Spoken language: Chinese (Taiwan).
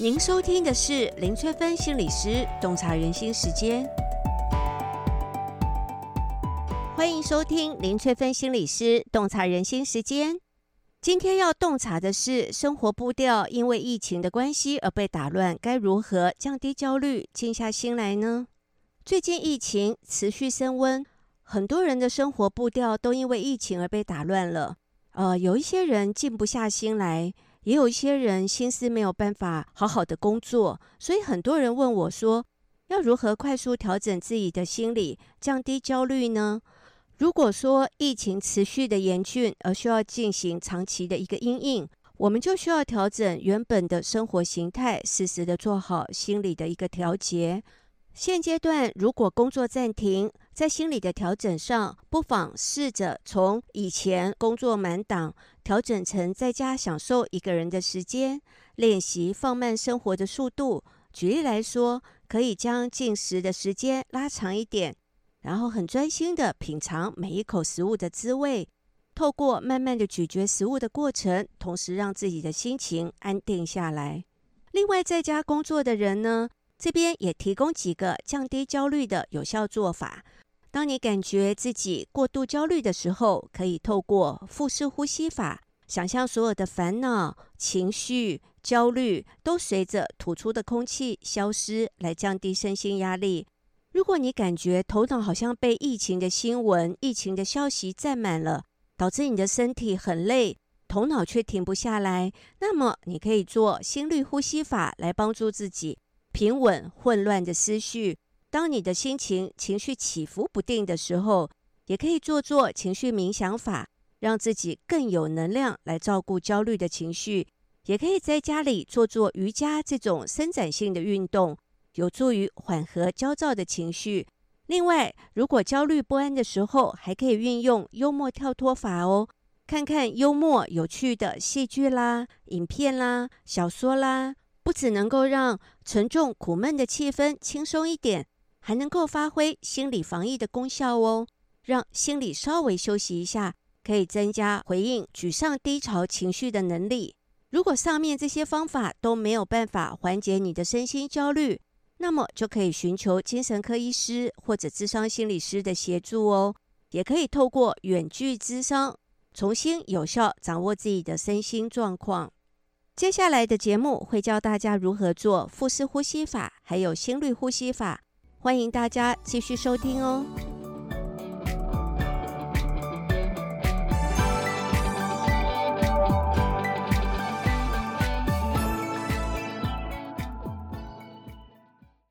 您收聽的是林萃芬心理師洞察人心時間，歡迎收聽林萃芬心理師洞察人心時間。今天要洞察的是生活步調因為疫情的關係而被打亂，該如何降低焦慮、靜下心來呢？最近疫情持續升溫，很多人的生活步調都因為疫情而被打亂了。呃，有一些人靜不下心來。也有一些人心思沒有辦法好好的工作，所以很多人問我說，要如何快速調整自己的心理，降低焦慮呢？如果說疫情持續的嚴峻，而需要進行長期的一個因應，我們就需要調整原本的生活型態，適時的做好心理的一個調節。現階段如果工作暫停，在心理的調整上，不妨試着從以前工作滿檔。調整成在家享受一個人的時間，練習放慢生活的速度。舉例來說，可以將進食的時間拉長一點，然後很專心地品嘗每一口食物的滋味。透過慢慢的咀嚼食物的過程，同時讓自己的心情安定下來。另外，在家工作的人呢，這邊也提供幾個降低焦慮的有效做法。當你感覺自己過度焦慮的時候，可以透過腹式呼吸法。想象所有的煩惱、情緒、焦慮都隨着吐出的空氣消失，來降低身心壓力。如果你感覺頭腦好像被疫情的新聞、疫情的消息占滿了，導致你的身體很累，頭腦卻停不下來，那麼你可以做心律呼吸法來幫助自己平穩混亂的思緒。當你的心情、情緒起伏不定的時候，也可以做做情緒冥想法。讓自己更有能量來照顧焦慮的情緒，也可以在家裡做做瑜伽這種伸展性的運動，有助於緩和焦躁的情緒。另外，如果焦慮不安的時候，還可以運用幽默跳脫法哦，看看幽默有趣的戲劇啦、影片啦、小說啦，不只能夠讓沉重苦悶的氣氛輕鬆一點，還能夠發揮心理防疫的功效哦，讓心理稍微休息一下。可以增加回應沮喪低潮情緒的能力。如果上面這些方法都沒有辦法緩解你的身心焦慮，那麼就可以尋求精神科醫師或者諮商心理師的協助哦。也可以透過遠距諮商，重新有效掌握自己的身心狀況。接下來的節目會教大家如何做腹式呼吸法，還有心律呼吸法，歡迎大家繼續收聽哦。